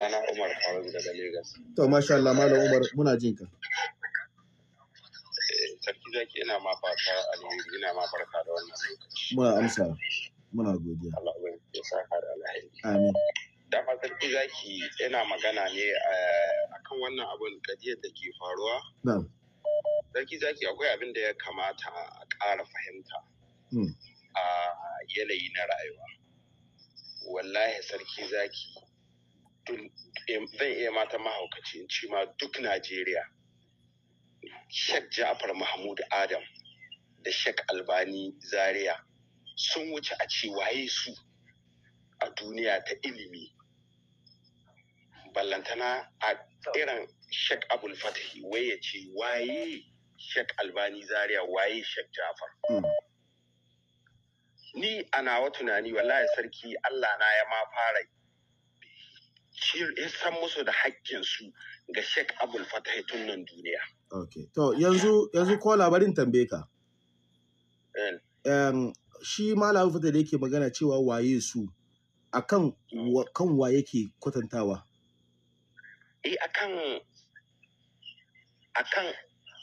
Ana Umar Faruk daga Legas. To masha Allah Malam Umar muna jin ka. Eh, sarki zaki ina ma fata ina ma barka da wannan lokaci. Muna amsa muna godiya. Allah ya Amin. Dama sarki zaki ina magana ne eh, kan wannan abun kadiyar da ke faruwa. Na'am. Sarki zaki akwai abin da ya kamata a ƙara fahimta. Hmm. A yanayi na rayuwa. Wallahi sarki zaki Eh, zan iya mata mahaukaci in ci ma duk Najeriya. Shek Ja'far Mahmud Adam da Shek Albani Zaria sun wuce a ce waye su a duniya ta ilimi. Ballantana a irin Shek Abul Fatahi wai ya ce waye Shek Albani Zaria waye Shek Ja'far. Hmm. Ni ana wa tunani wallahi sarki Allah na ya ma fara ya san musu da haƙƙinsu ga Sheikh Abul Fatah tun nan duniya. Okay. To yanzu yanzu ko labarin tambaye ka. Eh. shi Malam Fatah da yake magana cewa waye su akan kan wa yake kwatantawa. Eh akan akan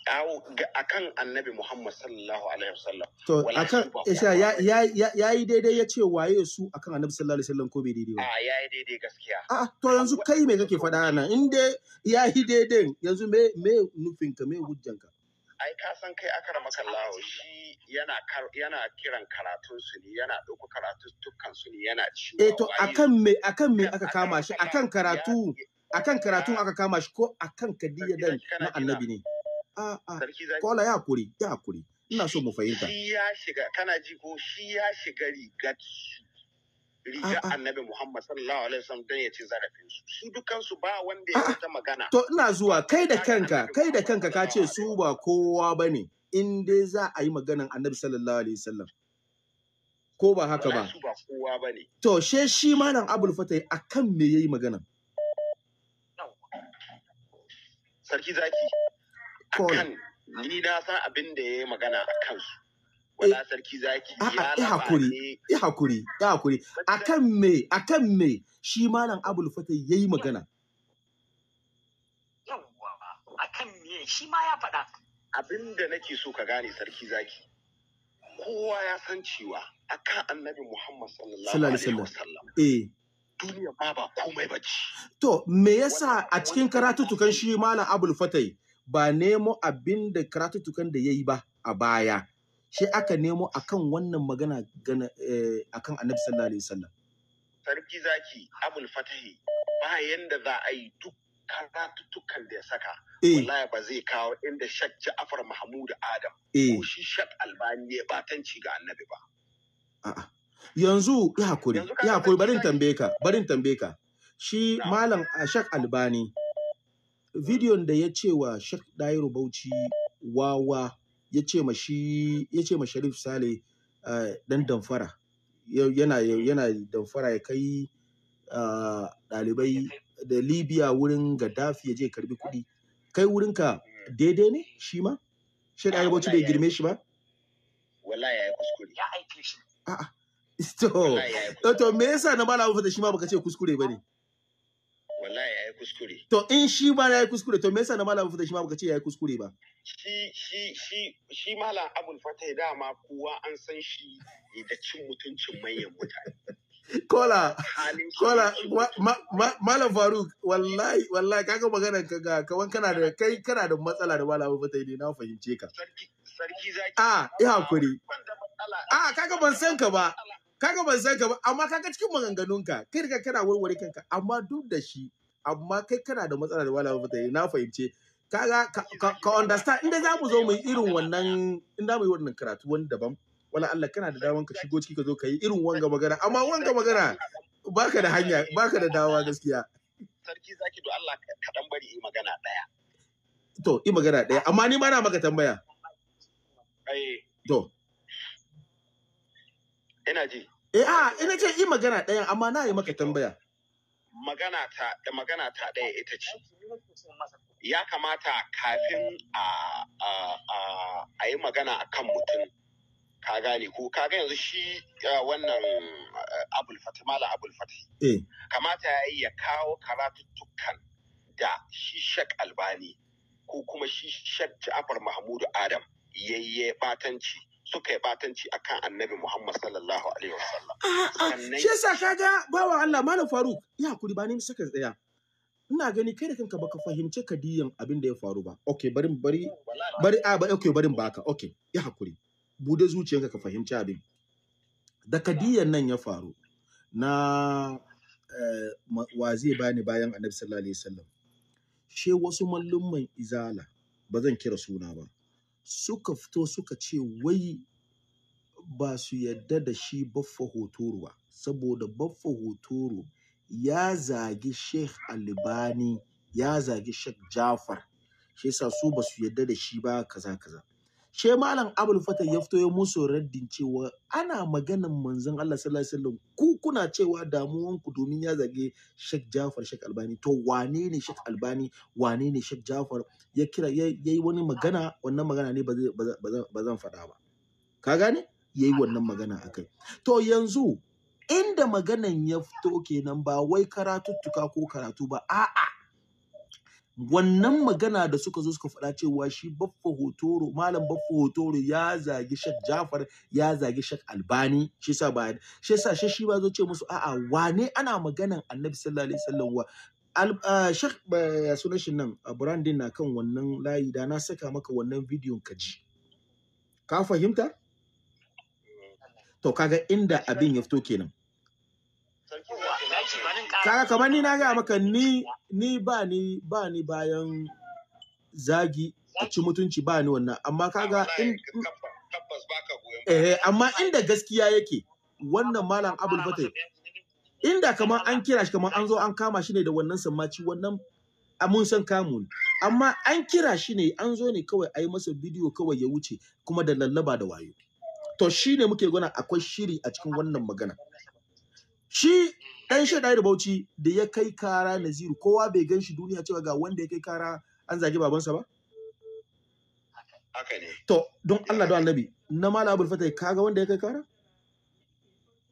akan annabi Muhammad sallallahu alaihi wasallam. To akan isa ya yi daidai ya ce waye su akan annabi sallallahu alaihi wasallam ko bai daidai ba? A ya yi daidai gaskiya. A to yanzu kai me kake faɗa nan in dai ya yi daidai yanzu me me nufinka me hujjanka? Ai ka san kai akara makallahu shi yana yana kiran karatun su ne yana ɗauko karatun dukkan su ne yana ci. Eh to akan me akan me aka kama shi akan karatu akan karatun aka kama shi ko akan kadiyya dan na annabi ne. a'a kola ya kuri ya kuri ina so mu fahimta shi ya shiga kana ji ko shi ya shiga rigar riga annabi Muhammad sallallahu alaihi wasallam don ya ci zarafin su su dukan su ba wanda ya ta magana to ina zuwa kai da kanka kai da kanka ka ce su ba kowa bane in dai za a yi maganan annabi sallallahu alaihi wasallam ko ba haka ba su ba kowa bane to she shi malam Abul Fatai akan me yayi magana. sarki zaki kan ni na san abin da ya yi magana a kansu eh, wala sarki zaki ya hakuri ya hakuri ya hakuri kan me a kan me shi malam abul ya yi magana a kan me shi ma ya faɗa abin da nake so ka gane sarki zaki kowa ya san cewa akan annabi muhammad sallallahu alaihi wasallam eh duniya ba ba komai bace to me yasa a cikin karatutukan shi malam abul fatai ba nemo abin da tukan da ya yi ba a baya shi aka nemo akan wannan magana gana eh, akan annabi sallallahu alaihi wasallam sarki zaki abul fatahi ba yanda za a yi duk tukan da ya saka eh. wallahi ba zai kawo inda shak afar Mahmud Adam eh. ko shi shak Albani ya batanci ga annabi ba a'a yanzu ya hakuri ya hakuri barin tambaye ka barin tambaye ka shi malam shak Albani bidiyon da ya ce wa Sheikh Dairu Bauchi wawa ya ce ma shi ya ce ma Sharif Sale dan eh, damfara yana yana damfara ya kai dalibai ah, da Libya wurin Gaddafi ya je karbi kuɗi kai wurinka daidai ne shi ma Sheikh Dairu Bauchi bai girme shi ba wallahi yayi kuskure ya aike shi a'a to to me yasa na malamu fata shi ma baka ce kuskure bane kuskure to in shi ba ya yi kuskure to me yasa na malam fata shi ma baka ce ya yi kuskure ba shi shi shi shi malam abul fatai dama kowa an san shi da cin mutuncin manyan mutane kola kola malam faruk wallahi wallahi kaga magana kaga kawan kana da kai kana da matsala da malam fata ne na fahimce ka sarki zaki a yi hakuri a kaga ban san ka ba kaga ban san ka ba amma kaga cikin maganganunka kai da kana warware kanka amma duk da shi amma kai kana da matsala da malamin mutane na fahimce kaga ka understand inda za mu zo mu yi irin wannan inda mu yi wannan karatu wani daban wala Allah kana da daman ka shigo ciki ka zo ka yi irin wanga magana amma wanga magana baka da hanya baka da dawa gaskiya sarki zaki do Allah ka dan bari yi magana daya to yi magana daya amma ni ma na maka tambaya eh. to ina ji eh a ah, ina ce yi magana daya amma na yi maka tambaya magana ta da magana ta ɗaya ita ce ya kamata kafin a yi magana a kan mutum ka gane ko ka ga yanzu shi wannan eh, abul mala abul fati eh. kamata ya yi ya kawo karatuttukan da shi shak albani ko kuma shi shak ci'afar mahmudu adam yayye batanci suka yi batanci akan annabi Muhammad sallallahu alaihi wasallam. Ah, ah, ah, shi yasa kaga bawa Allah mana faru. ya kuri, ba ni saka tsaya. Ina gani kai da kanka baka fahimci kadiyan abin da ya faru ba. Okay bari bari bari a ba okay bari baka. Okay ya hakuri. Bude zuciyanka ka fahimci abin. Da kadiyan nan ya faru na eh, wa zai bani bayan annabi sallallahu alaihi wasallam. She wasu mallumman izala ba zan kira suna ba. suka fito suka ce wai ba su yadda da shi baffa hotoro ba saboda baffa hotoro ya zagi sheikh albani ya zagi sheikh jafar shi yasa su ba su yadda da shi ba kaza kaza she malam abul fatah ya fito ya musu raddin cewa ana maganan manzon Allah sallallahu alaihi wasallam ku kuna cewa damuwan ku domin ya zage Sheikh Jafar Sheikh Albani to wane ne Sheikh Albani wane ne Sheikh Jafar ya kira yayi wani magana wannan magana ne ba zan faɗa ba ka gane yayi wannan magana akai to yanzu inda maganan ya fito kenan ba wai karatuttuka ko karatu ba a'a wannan magana da suka zo suka faɗa cewa shi baffa hotoro malam baffa hotoro ya zagi shek jafar ya zagi shek albani shi sa ba shi sa shi ba zo ce musu a'a wane ana maganan annabi sallallahu alaihi wasallam wa shek suna shi nan brandin na kan wannan layi da na saka maka wannan bidiyon ka ji ka fahimta to kaga inda abin ya fito kenan kaga kamar ni na ga maka ni ni ba ni ba ni bayan zagi a ci mutunci ba ni wannan amma kaga in eh amma inda gaskiya yake wannan malam abul fatai inda kamar an kira shi kamar an zo an kama shi ne da wannan sammaci wannan a mun san kamun ne amma an kira shi ne an zo ne kawai a yi masa bidiyo kawai ya wuce kuma da lallaba da wayo to shi ne muke gwana akwai shiri a cikin wannan magana shi dan shaida da bauchi da ya kai kara naziru kowa bai gan shi duniya cewa ga wanda ya kai kara an zagi babansa ba haka ne to don Allah don annabi na mala abul fatai kaga wanda ya kai kara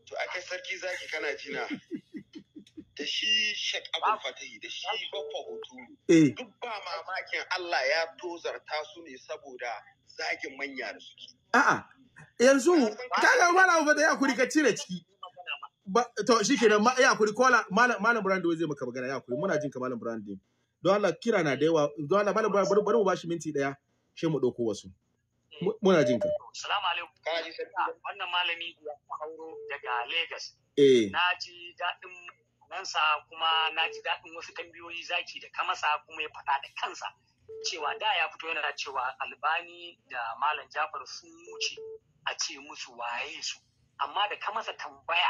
to a kai sarki zaki kana jina da shi shek abul fatai da shi baffa hoturu eh. duk ba mamakin Allah ya tozarta su ne saboda zagin manya da suke a'a yanzu kaga mala abul fatai akuri ka cire ciki to shi kenan ma ya kuri kola malam malam brando zai maka magana ya kuri muna jin ka malam brandi don Allah kira na da yawa don Allah malam brandi bari mu bashi minti daya shi mu dauko wasu muna jin ka assalamu alaikum ah, wannan malami hauro daga Lagos eh na ji nan sa kuma na ji dadin wasu tambayoyi zaki da sa kuma ya faɗa da kansa cewa da ya fito yana cewa albani da malam jafar sun wuce a ce musu waye su amma da kamasa tambaya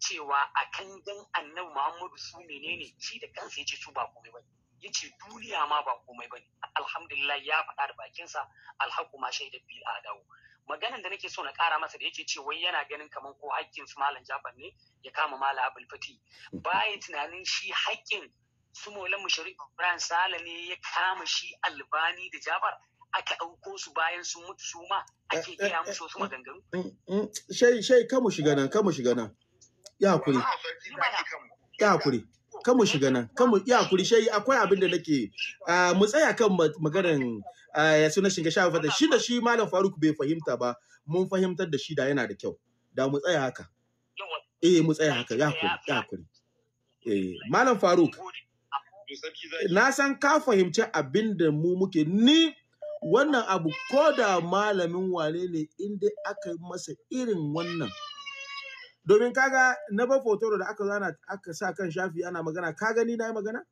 cewa a kan kangan annabi Muhammadu su menene shi da kansa yace su ba komai bane yace duniya ma ba komai bane alhamdulillah ya faɗa da bakinsa alhaku ma biyu bil adawu maganan da nake so na ƙara masa da yake ce wai yana ganin kamar ko haƙƙin su malam Jafar ne ya kama malam Abul Fati baya tunanin shi haƙƙin su Maulan Musharif Ibrahim Sala ne ya kama shi Albani da Jafar aka ɗauko su bayan sun mutu su ma ake iya musu wasu maganganu. Shai, shai, kamu shiga nan, kamu shiga nan. ya hakuri ya hakuri kan mu shiga nan kan mu ya hakuri shi akwai abin da nake ah, mu tsaya kan maganar ah, ya suna shiga sha fata shi da shi malam Faruk bai fahimta ba mun fahimtar da shi da yana da kyau da mu tsaya haka eh mu tsaya haka ya hakuri ya hakuri eh malam Faruk na san ka fahimci abin da mu muke ni wannan abu ko da malamin wane ne inda aka yi masa irin wannan domin kaga na ba fotoro da aka zana aka sa kan shafi ana magana ka gani na magana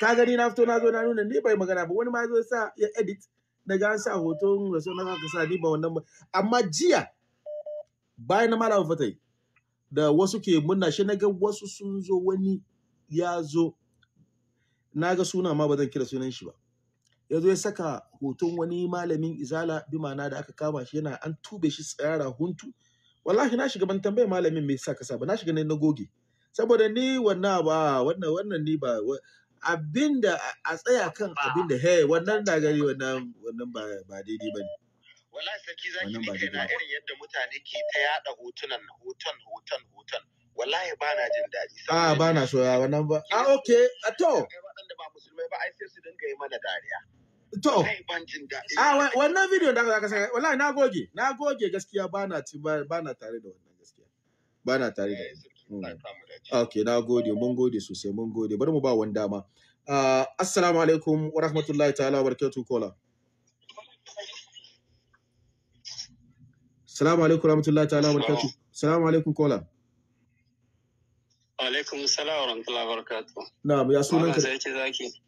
ka gani na fito na zo na nuna ni bai magana ba wani ma zo sa ya edit na an sa hoton rasu na ka sa ni ba wannan ba amma jiya bayan na malam fatai da wasu ke munna shi na ga wasu sun zo wani ya zo na ga suna ma ba zan kira sunan shi ba ya zo ya saka hoton wani malamin izala bi ma'ana da aka kama shi yana an tube shi tsara huntu wallahi na shiga ban tambaye malamin me yasa ka saba na shiga ne na goge saboda ni wannan ba wannan wannan ni ba abinda a tsaya kan abinda he wannan da gari wannan wannan ba ba daidai bane wallahi saki zaki ne kai na irin yadda mutane ke ta yada hotunan hoton hoton hoton wallahi ba na jin daɗi ah ba na so wannan ba ah okay a ah, to waɗanda ba musulmai ba ai sai su dinga yi mana dariya To, ah, a wannan video da aka saka, wallahi na goge, na goge gaskiya bana ci bana tare da wannan gaskiya. Bana tare da. Eh, hmm. Okay, na gode, mun gode sosai, mun gode. Bari mu ba wani dama. Uh, assalamu alaikum wa rahmatullahi ta'ala wa barakatuhu kola. Assalamu alaikum wa rahmatullahi ta'ala wa barakatuhu. Assalamu alaikum kola. Alaikum salam wa rahmatullahi wa barakatuhu. Na'am, ya sunan ka.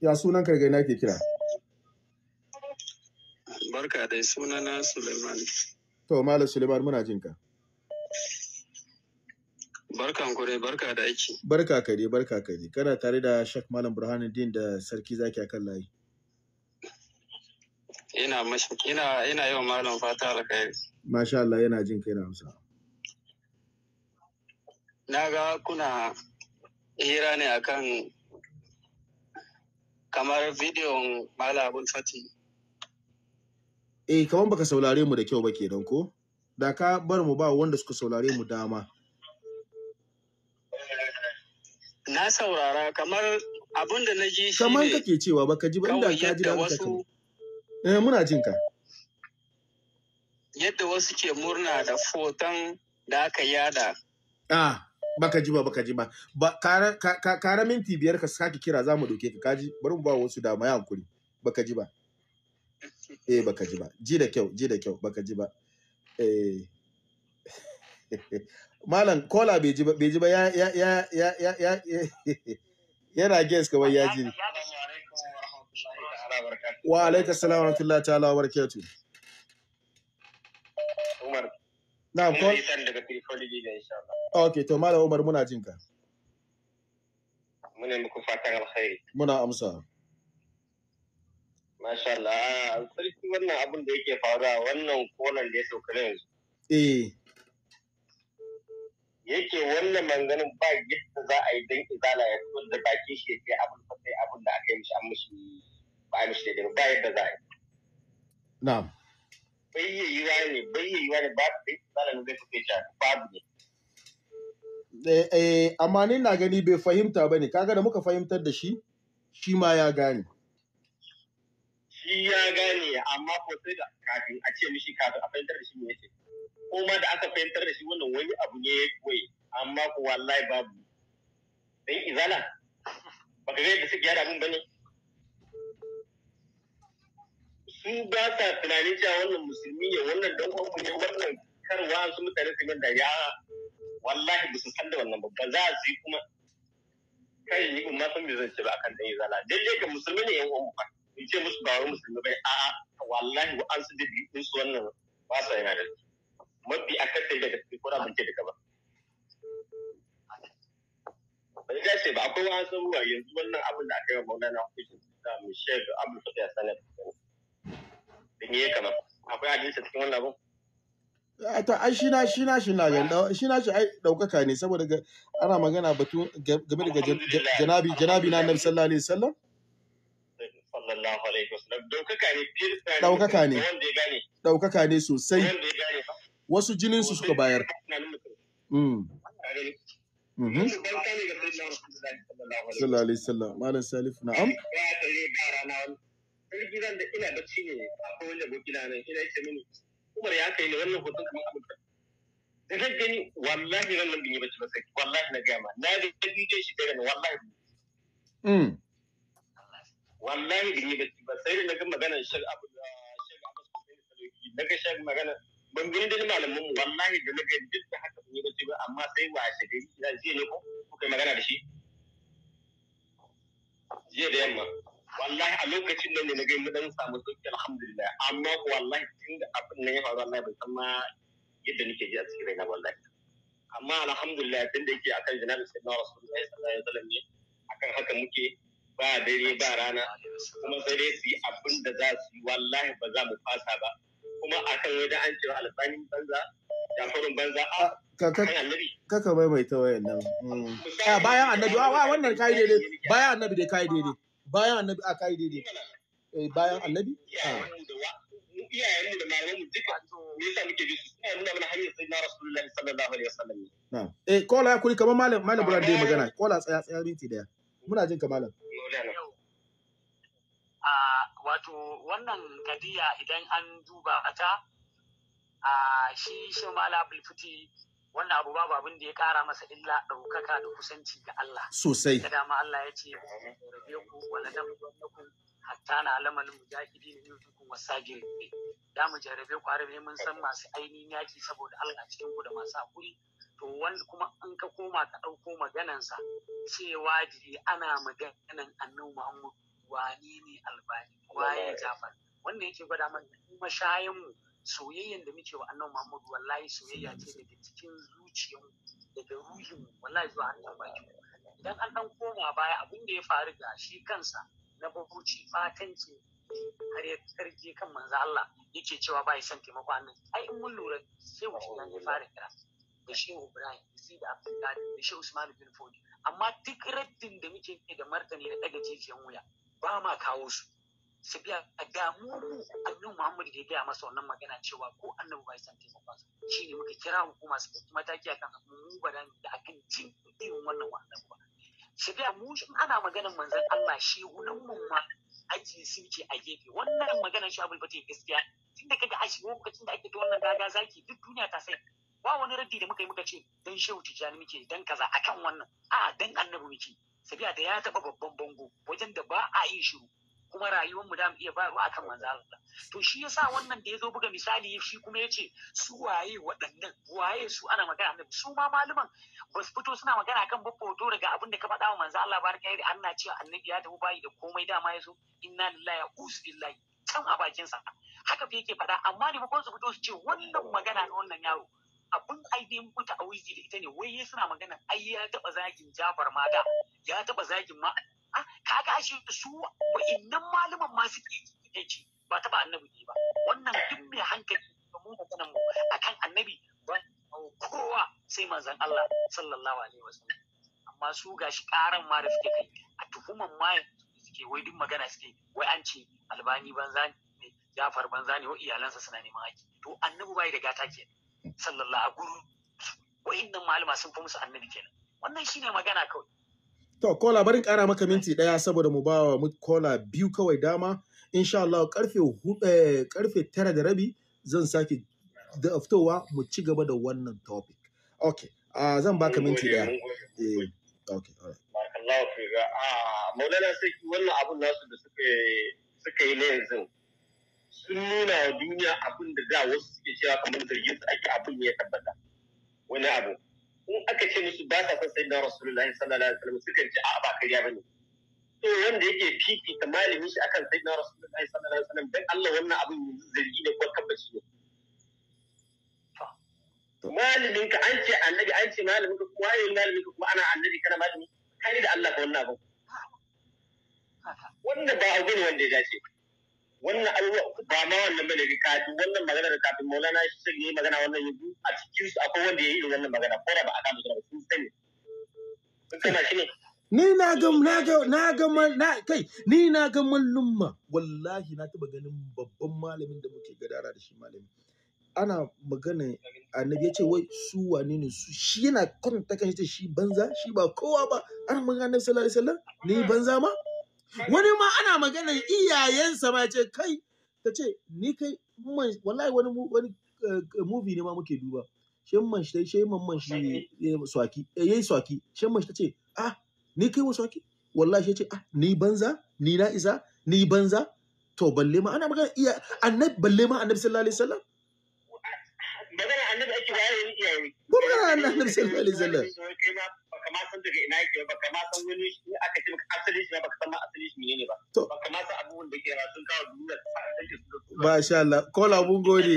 Ya sunan ka ga ina ke kira. Barka dai sunana Suleiman. To Malam Suleiman muna jin ka. Barkan ku dai barka da aiki. Barka ka dai barka ka dai kana tare da Shak Malam Burhanuddin da Sarki Zaki a kan layi. Ina mashi ina ina yawan malam fata alkhairi. Masha Allah yana jin kai na hausa. Na ga kuna hira ne akan kamar bidiyon Malam Abul Fatih. eh kaman baka saurare mu da kyau ba kenan ko da ka bar mu ba wanda suka saurare mu dama na saurara kamar abin da na ji shi kamar kake cewa baka ji ba inda ka ji da wasu eh muna jin ka yadda wasu ke murna da foton da aka yada ah baka ji ba baka ji ba kara minti biyar ka sake kira za mu doke ka kaji bari mu ba wasu dama ya hankuri baka ji ba eh baka ji ba ji da kyau ji da kyau baka ji ba eh malam kola bai ji ba bai ji ba ya ya ya ya ya ya yana guess kawai ya ji wa alaikum salam wa rahmatullahi ta'ala wa barakatuh Umar na'am ko ni daga Tripoli ne insha Allah okay to malam Umar muna jinka muna muku fatan alkhairi muna amsa Masha Allah, ah, sarki wannan abin da yake faruwa wannan kolan da ya sauka yanzu. Eh. Yake wannan manganin ba yadda za a yi don izala ya fito da bakin shi ya ce abin da sai abin da aka yi mishi an mishi ba a mishi daidai ba yadda za a yi. Na'am. Bayyayiwa ne, bayyayiwa ne ba su izala ne zai fito ya babu ne. Eh, eh, amma ni na gani bai fahimta ba ne, kaga da muka fahimtar da shi, shi ma ya gane. shi ya gane amma ko sai da kafin a ce mishi kafin a fahimtar da shi ne yace kuma da aka fahimtar da shi wannan wani abu ne ya koyi amma ko wallahi babu dan izala baka ga da suke yada mun bane su ba sa tunanin cewa wannan musulmi ne wannan dan uwanku ne wannan karwa su mutane su da ya wallahi ba su san da wannan babba za su yi kuma kai yi kuma san bai zance ba akan dan izala dalle ka musulmi ne yan uwan mu in ce musu ba wai musulmi bai a wallahi wa an su da in su wannan ba sa yana da mafi a kasai daga cikin kura ban ce daga ba bai ce ba akwai wani sabuwa yanzu wannan abin da aka yi wa maulana hukuncin da mu shek abu fata ya sanar da me ya kama akwai hadisi cikin wannan abin eh, ta ai shi na shi na shi na shi na shi ai daukaka ne saboda ana magana batu game da janabi janabi na annabi sallallahu alaihi wasallam sallallahu alaihi wasallam daukaka ne daukaka ne wanda ya sosai wasu jinin su suka bayar mm da ina bacci ne a ba sai wallahi na gama na da bidiyon shi wallahi mm. wallahi ban yi ba sai da naga maganar shek abu da ah, shek abbas hussein saloki naga shek magana ban gani da malamin mu wallahi da naga da haka ban yi ba amma sai wa washe gari da jiya ne ko kuka magana da shi jiya da yamma wallahi a lokacin nan ne na mu dan samu sauki alhamdulillah amma ko wallahi tun abin nan ya faru wallahi ban san ma yadda nake ji a cikin raina wallahi amma alhamdulillah tun yake akan janabi sayyidina rasulullahi sallallahu alaihi wasallam ne akan haka muke ba dare ba rana kuma sai dai su yi abin da za su yi wallahi ba za mu fasa ba kuma a kan wajen an cewa alfani banza jafarin banza a kaka bai mai ta wayan nan mm. a bayan annabi a wannan kai daidai bayan annabi dai kai daidai bayan annabi a kai daidai eh, bayan annabi iyayenmu da malamanmu duka me yasa muke bi su suna nuna mana hanyar sai na rasulullahi sallallahu alaihi wasallam eh kola ya kuri kamar malam malam buran dai magana kola tsaya tsaya minti daya muna jin ka malam a ah, wato wannan kadiya idan an duba ta a ah, shi shi mala bulfuti wannan abu babu abin da ya kara masa illa ɗaukaka da kusanci ga Allah. Sosai. Da dama Allah ya ce, "Rabe ku wala da ku hatta na alamal mujahidi ne ku wasagir Da mu jarabe ku arabe mun san masu ainihin yaki saboda Allah cikin ku da masu hakuri to wanda kuma an ka koma ka ɗauko maganansa cewa ji ana maganan annu muhammad wani ne albani waye jafar wannan yake gwada mana kuma shayin mu soyayyen da muke wa annan muhammad wallahi soyayya ce daga cikin zuciyar daga ruhin wallahi zuwa hannun baki idan an ɗan koma baya abin da ya faru ga shi kansa na babuci fatanci har ya karje kan manzo Allah yake cewa ba ya son taimako annabi ai in mun lura sai wuce ya fara kira da shehu ibrahim isi da abdullahi da shehu usman bin fodi amma duk raddin da muke yi da martani na daga jijiyan wuya ba ma kawo su su biya damu mu annabi muhammad da ya gaya masa wannan magana cewa ko annabu ba ya san ba. su shine muka kira hukuma su ɗauki mataki akan mu ba da akan jin irin wannan wannan ba su biya mu ana maganar manzan Allah shehunan mu ma aji sun ce a gefe wannan maganar shi abul gaskiya tunda kaga a shi lokacin da ake ta wannan gaga zaki duk duniya ta sai ba wani raddi da muka yi muka ce dan shehu tijjani muke dan kaza akan wannan a dan annabi muke sabiya da ya taba babban bango wajen da ba a yin shiru kuma rayuwar mu da mu iya ba a akan manzo Allah to shi yasa wannan da ya zo buga misali shi kuma ya ce su waye waɗannan waye su ana magana annabi su ma maluman ba su fito suna magana kan hoto daga abin da ka faɗa wa manzo Allah baraka yari Allah ce annabi ya tafi bayi da komai dama ya zo inna lillahi wa billahi can a bakinsa haka fi yake faɗa amma ne ba su fito su ce wannan magana na wannan yaro abin ai dai mutu a wiji da ita ne wai ya suna magana ai ya taba zagin Jafar ma da ya taba zagin ma ka ga shi su wa'innan malaman ma suke ci ba taba annabi ne ba wannan duk mai hankali da mu maganan mu akan annabi ba kowa sai manzon Allah sallallahu alaihi wasallam amma su gashi karan ma da suke kai a tuhuman ma suke wai duk magana suke wai an ce albani banza ne Jafar banza ne wa iyalansa suna neman haƙi to annabi bai da gata kenan sallallahu a gurin wa'innan malama sun fi musu annabi kenan wannan shine magana kawai to kola barin kara maka minti daya saboda mu ba wa kola biyu kawai dama insha Allah karfe karfe eh, tara da rabi zan sake da aftowa mu ci gaba da wannan topic okay uh, zan baka minti daya eh okay all right barkallahu fi ga a ah, maulana sai wannan abun nasu da suka suka yi ne yanzu sun nuna wa duniya abin da da wasu suke cewa kamar zargin su ake abin ya tabbata wani abu in aka ce musu ba sa son sayyidina rasulullahi sallallahu alaihi wasallam sukan ce a'a ba kariya bane to wanda yake fifita malami shi akan sayyidina rasulullahi sallallahu alaihi wasallam dan Allah wannan abin yanzu zargi ne ko tabbaci ne malamin ka an ce annabi an ce malamin ka kuma yayin malamin ka kuma ana annabi kana malami kai da Allah ka wannan abu Wanda ba a ne wanda ya dace ba wannan abubuwa ba ma wannan bane kafin wannan magana da kafin maulana shi sai yi magana wannan yanzu a cikin su akwai wanda ya yi wannan magana ko da ba a kama su ba sun sani sun sani shi ne ni na ga na ga na ga na kai ni na ga mallumma wallahi na taba ganin babban malamin da muke gadara da shi malami ana magana annabi ya ce wai su wane ne su shi yana kwanta kan shi banza shi ba kowa ba ana magana annabi sallallahu alaihi wasallam ni banza ma wani ma ana maganar iyayensa ma ce kai ta ce ni kai wallahi wani wani eh, movie ne ma muke duba shin man shi shi man shi eh, swaki eh, yayi swaki shin man shi ta ce ah ni kai wa swaki wallahi shi ce ah ni banza ni na isa ni banza to balle ma ana magana iya annabi balle ma annabi sallallahu alaihi wasallam magana annabi ake bayani iyaye ko magana annabi sallallahu alaihi wasallam ma san daga ina yake ba ma san wani shi aka ce maka asali shi ba baka san ma asalin shi ne ba baka ma san abubuwan da ke ra sun kawo duniya ba sha Allah kola mun gode